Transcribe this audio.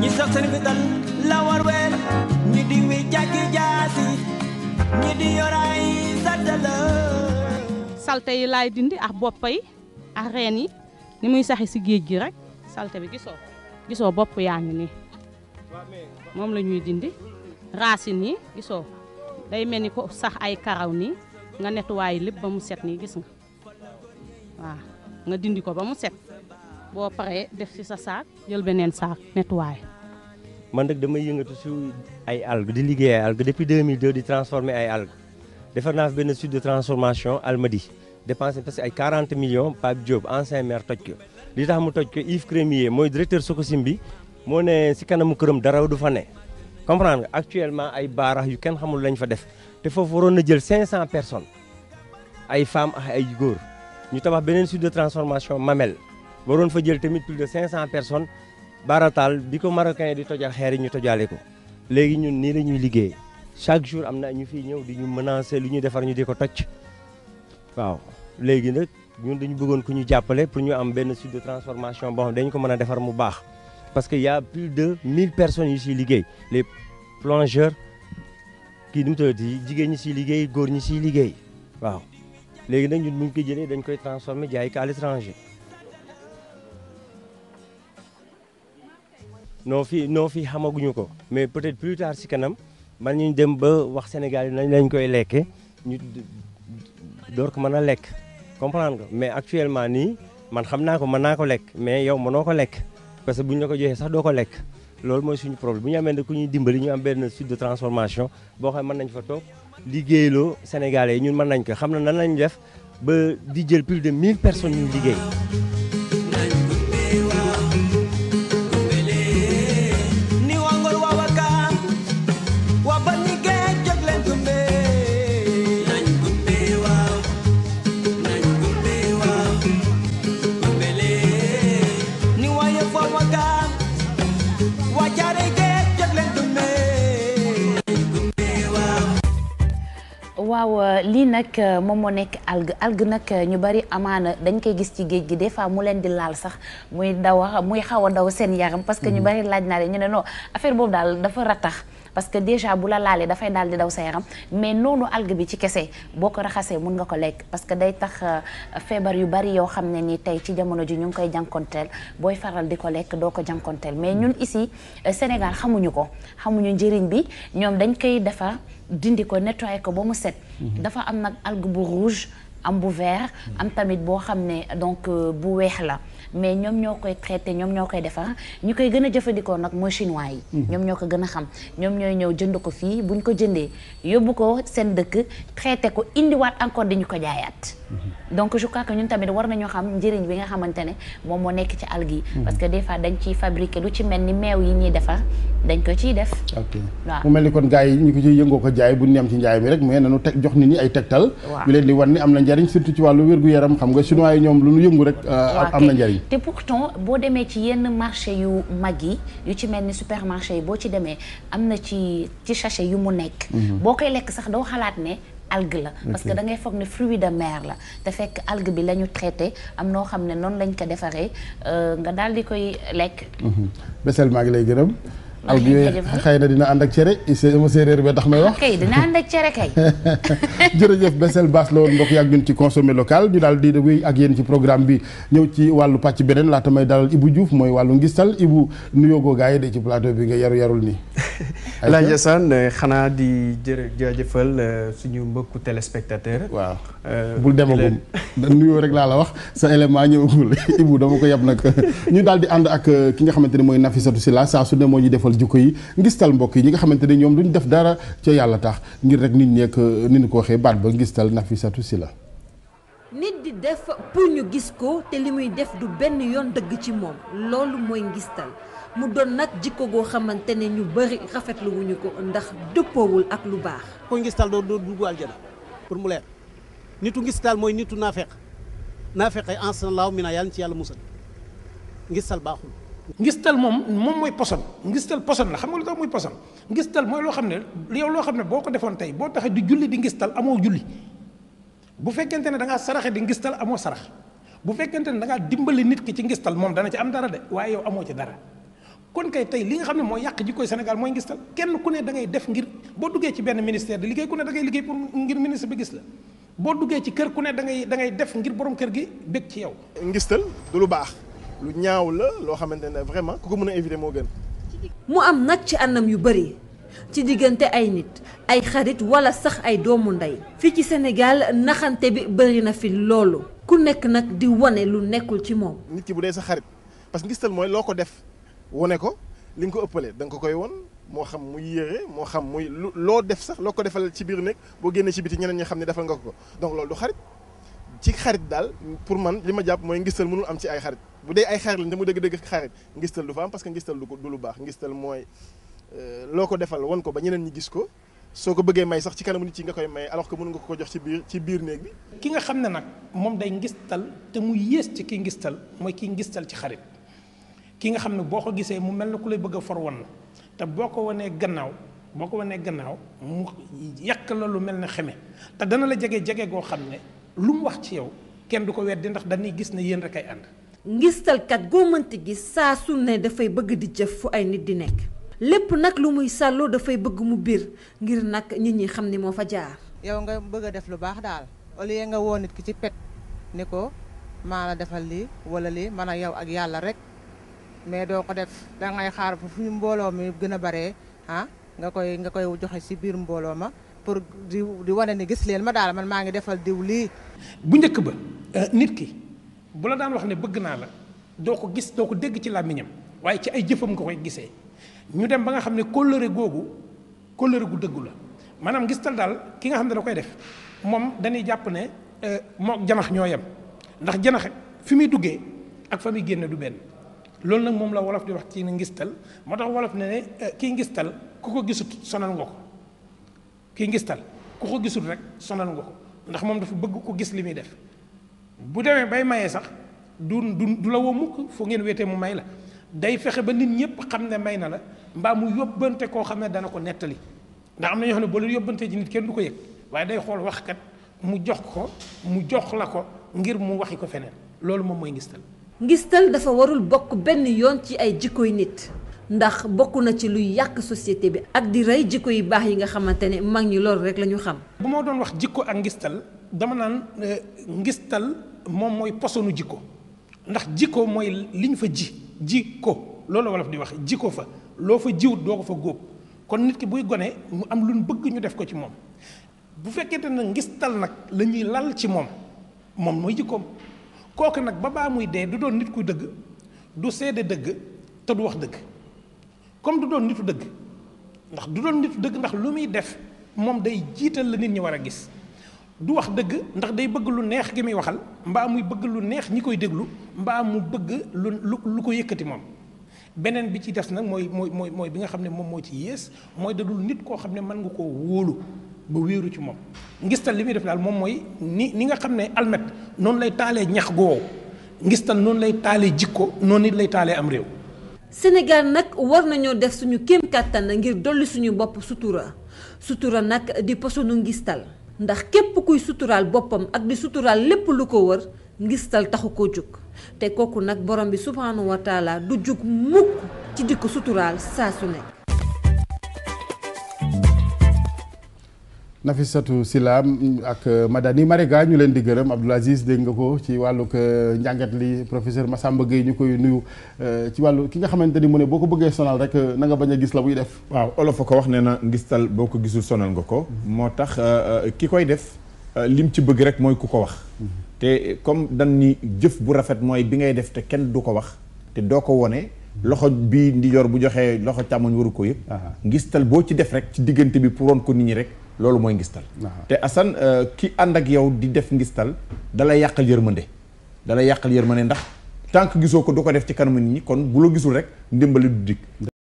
ñi sax seen fital ñi di wi jaasi ñi di yoraay saddala salte yi laay dindi ak bopp yi yi ni muy saxi si géej gi rek salte bi gisoo gisoo bopp yaa ngi nii moom la ñuy dindi racine ni gisoo day mel ni ko sax ay karaw ni nga nettuwaay lépp ba mu set ni gis nga waaw nga dindi ko ba mu set boo paree def ci sa saak jël beneen saak nettoyé. man nag damay yëngatu si ay algues di liggéey ay algues depuis 2002 di transformer ay algues defar naa fi de transformation Almadies dépensé parce que ay 40 millions Pape Diop ancien toj ko li tax mu toj ko Yves Crémier mooy directeur Sococim bi moo ne si kanamu këram dara du fa ne. comprendre nga actuellement ay baarax yu kenn xamul lañ fa def te foofu waroon na jël 500 personnes ay femmes ak ay góor ñu tabax beneen site de transformation Mamel. waroon fa jël tamit plus de 500 personnes baarataal bi ko marocain di tojal xeer yi ñu tojaale ko léegi ñun nii la ñuy liggéey chaque jour am na ñu fiy ñëw di ñu menacer lu ñuy defar ñu de ko toj waaw léegi nag ñun dañu bëggoon ku ñu jàppale pour ñu am benn site de transformation boo xam dañu ko mën a defar mu baax parce que y plus de 1000 personnes yu siy liggéey les plongeurs kii nu mu tuddati jigéen ñi siy liggéey góor ñi siy liggéey waaw léegi nag ñun bu ñu ko jëlee dañ koy transformer jaay ko non fii noo fii xamaguñu ko mais peut-être plus tard si kanam man ñu dem ba wax Sénégal yi nañ lañ koy lekkee ñu door ko mën a lekk comprendre mais actuellement nii man xam naa ko mën naa ko lekk mais yow mënoo ko lekk parce que bu ñu la ko joxee sax doo ko lekk loolu mooy suñ problème bu ñu amee ne ku ñuy dimbali ñu am benn site de transformation boo xam ne mën nañ fa toog liggéeyloo Sénégalais ñun mën nañ ko xam na nan lañ def ba di jël plus de mille personnes ñu liggéey waaw lii nag moom moo nekk algue algue nag ñu bari amaana dañ koy gis ci géej gi des fois mu leen di laal sax muy daw muy xaw a daw seen yaram parce que ñu mm-hmm. bari laaj naa leen ñu affaire boobu daal dafa ratax parce que déjà bu la laalee dafay daal di daw sa yaram mais noonu algue bi ci kese boo ko raxasee mun nga ko lekk parce que day tax euh, feebar yu bari yoo xam ne ni tey ci jamono ji ñu ngi koy jànkonteel booy faral di ko lekk doo ko jànkonteel mais ñun issi euh, Sénégal xamuñu ko xamuñu njëriñ bi ñoom dañ koy defar dindi ko nettoyer ko ba mu set. Mhm. dafa am nag algue bu rouge am bu vert mhm. am tamit boo xam ne donc euh, bu weex la mais ñoom ñoo koy traité ñoom ñoo koy defar ñu koy gën a jëfandikoo nag mooy chinois yi. Mhm. ñoom ñoo ko gën a xam ñoom ñooy ñëw jënd ko fii buñ ko jëndee yóbbu ko seen dëkk traité ko indiwaat encore dañu ko jaayaat. donc je crois que ñun tamit war nañoo xam njëriñ bi nga xamante ne moom moo nekk ci algues yi. Mhm. parce que des fois dañ ciy fabriquer lu ci mel ni meew yi ñuy defar dañ ko ciy def. ok waaw mu mel ni kon gars yi ñu ko ciy yëngoo ko jaay bu ñu am ci njaay mi rek mais nanu teg jox nit ñi ay tegtal. waaw ni am na njariñ surtout ci wàllu wérgu yaram xam nga chinois yi ñoom lu ñu yëngu rek. Euh, am na njariñ te pourtant boo demee ci yenn marché yu mag yi yu ci mel ni supermarché yi boo ci demee am na ci ci sachet yu mu nekk. Mhm. boo koy lekk sax doo xalaat ne algue la parce que da ngay foog ne fruit de mer la te fekk algue bi la ñu traité am noo xam ne noonu lañ ko defaree euh, nga daal di koy lekk mhm. Bessél maa ngi lay gërëm aw bi xëy na dina ànd ak cere ma séeréer ba tax may wax. kay dina ànd ak cere kay. jërëjëf Bessél Bass la woon mbokk yi ñun ci consommé local ñu daal di wéy ak yéen ci programme bi ñëw ci wàllu pàcc beneen laata may dalal Ibou Diouf mooy wàllu ngistal Ibou nuyoogoo gars yi de ci plateau bi nga yaru yarul nii. Elhadji Assane euh, xanaa di jërë jaajëfal euh, suñu mbokku téléspectateur. waaw euh, bul demagum nuyoo rek laa la wax sa élément ñëwagul Ibou dama ko yab nag ñu daal di ànd ak ki xamante ne mooy Nafissatou Sylla saa su ne moo jikko yi ngistal mbokk yi ñi nga xamante ne ñoom duñ def dara ca yàlla tax ngir rek nit ñeek ni ñu ko waxee baat ba ngistal Nafisatu si la nit di def pour ñu gis ko te li muy def du benn yoon dëgg ci moom loolu mooy ngistal mu doon nag jikko goo xamante ne ñu bëri rafetlu ko ndax dëppoowul ak lu baax ko ngistal doo doo dugg pour mu leer nitu ngistal mooy nitu naafeq naafeq ay ansan laaw mi na yàlla ci yàlla musal ngistal baaxul ngistal moom moom mooy poson ngistal poson la xam nga lu tax muy poson ngistal mooy loo xam ne yow loo xam ne boo ko defoon tey boo taxee di julli di ngistal amoo julli bu fekkente ne da ngaa saraxe di ngistal amoo sarax bu fekkente ne da dimbali nit ki ci ngistal moom dana ci am dara de waaye yow amoo ci dara kon kay tey li nga xam ne mooy yàq ji jikkoy Sénégal mooy ngistal kenn ku ne da ngay def ngir boo duggee ci benn ministère di liggéey ku ne da ngay liggéey pour ngir ministre bi gis la boo duggee ci kër ku ne da ngay da ngay def ngir borom kër gi bég ci yow ngistal lu baax lu ñaaw la loo xamante ne vraiment ku ko mën a éviter moo gën. mu am nag ci anam yu bëri ci diggante ay nit ay xarit wala sax ay doomu ndey fii ci Sénégal naxante bi bëri na fi loolu ku nekk nag di wane lu nekkul ci moom. nit ki bu dee sa xarit parce que ngistal mooy loo ko def wane ko li nga ko ëppalee da nga ko koy won moo xam muy yére moo xam muy loo def sax loo ko defal ci biir nekk boo génnee ci biti ñeneen ñi xam ne defal nga ko donc loolu du xarit. ci xarit daal pour man li ma jàpp mooy ngistal mënul am ci ay xarit bu dee ay xarit lañ te mu dëgg-dëgg xarit ngistal du fa am parce que ngistal du du lu baax ngistal mooy euh, loo ko defal won ko ba ñeneen ñi gis ko soo ko bëggee may sax ci kanamu nit ci nga koy may alors que mën nga ko jox ci biir biir néeg bi. ki nga xam ne nag moom day ngistal te mu yées ci ki ngistal mooy ki ngistal ci xarit ki nga xam ne boo ko gisee mu mel na ku lay bëgg a for woon na te boo ko wanee gannaaw boo ko wanee gannaaw mu yàq la lu mel ne xeme te dana la jege jege goo xam ne. lu mu wax ci yow kenn du ko di ndax dañuy gis ne yéen rek ay ànd. ngistalkat goo mënti gis saa su ne dafay bëgg di jëf fu ay nit di nekk. lépp nag lu muy sàlloo dafay bëgg mu biir ngir nag nit ñi xam ne moo fa jaar. yow nga bëgg a def lu baax daal au nga woo nit ki ci pet ni ko maa la defal lii wala lii man a yow ak yàlla rek mais doo ko def dangay xaar fu ñu mbooloo mi gën a baree ah nga koy nga koy joxe ci biir mbooloo ma pour di di wane ni gis leen ma daal man maa ngi defal diw lii. bu njëkk ba euh, nit ki bu la daan wax ne bëgg naa la doo ko gis doo ko dégg ci làmmiñam waaye ci ay jëfam nga koy gisee ñu dem ba nga xam ne kóllëre googu kóllëre gu dëggu la maanaam gis tal daal ki nga xam ne da koy def moom dañuy jàpp ne euh, moog janax ñoo yem ndax janax fi muy duggee ak fa muy génne du benn. loolu nag moom la wolof di wax ci ngistal moo tax wolof ne ne euh, kii ngistal ku ko gisut sonal nga ko kii ngistal ku ko gisul rek sonal nga ko ndax moom dafa bëgg ko gis li muy def bu demee bay mayee sax du du du la woo mukk foo ngeen wetee mu may la day fexe ba nit ñëpp xam ne may na la mbaa mu yóbbante koo xam ne dana ko nettali ndax am na ñoo xam ne boo leen yóbbantee ji nit kenn du ko yëg waaye day xool waxkat mu jox ko mu jox la ko ngir mu waxi ko feneen loolu moom mooy ngistal ngistal dafa warul bokk benn yoon ci ay jikkoy nit ndax bokk na ci luy yàq société bi ak di rey jikko yi baax yi nga xamante ne mag ñi loolu rek la ñu xam. bu moo doon wax jikko ak ngistal dama naan euh, ngistal moom mooy posonu jikko ndax jikko mooy li fa ji ji ko loolu wolof di wax ji ko fa loo fa jiwut doo ko fa góob kon nit ki buy gone mu am lu bëgg ñu def ko ci moom bu fekkente ne ngistal nag lañuy ñuy lal ci moom moom mooy jikkoom kooku nag ba baa muy dee du doon nit ku dëgg du seede dëgg te du wax dëgg. comme du doon nitu dëgg ndax du doon nitu dëgg ndax lu muy def moom day jiital la nit ñi war a gis du wax dëgg ndax day bëgg lu neex gi muy waxal mbaa muy bëgg lu neex ñi koy déglu mbaa mu bëgg lu ko yëkkati moom beneen bi ci des nag mooy mooy mooy bi nga xam ne moom moo ci yées mooy dadul nit koo xam ne mën nga koo wóolu ba wéeru ci moom ngistal li muy def daal moom mooy ni ni nga xam ne almet noonu lay taalee ñax goowu ngistal noonu lay taalee jikko noonu it lay taalee am réew Sénégal nag war nañoo def suñu kéem kàttan ngir dolli suñu bopp sutura sutura nag di posonu ngistal ndax képp kuy suturaal boppam ak di suturaal lépp lu ko wër ngistal taxu ko jóg te kooku nag borom bi subhaanahu wa taala du jóg mukk ci di ko suturaal saa su nekk Nafissatou Sylla ak euh, Madani Marega ñu leen di gërëm Abdoul Aziz dégg nga ko ci wàllu wàllug euh, njàngat li professeur Massamba Gueye ñu koy nuyu euh, ci wàllu ki nga xamante ni mu ne boo ko bëggee sonal rek nanga bañ a gis la buy def. waaw olof a ko wax nee na ngistal boo ko gisu sonal nga ko. Mhm. moo tax ki koy def lim ci bëgg rek mooy ku ko wax. Mhm. te comme dan ni jëf bu rafet mooy bi ngay def te kenn du ko wax te doo ko wone mhm. loxo bii ndijoor bu joxee loxo càmmoñ waru ko yëg. ngistal boo ci def rek ci diggante bi pour woon ko nit ñi rek. loolu mooy ngistal te Assane euh, ki ànd ak yow di def ngistal dalay yàqal yërmande dalay yàqal yërmande ndax tànk gisoo ko du ko def ci kanamu nit ñi kon bu la gisul rek ndimbali du dikk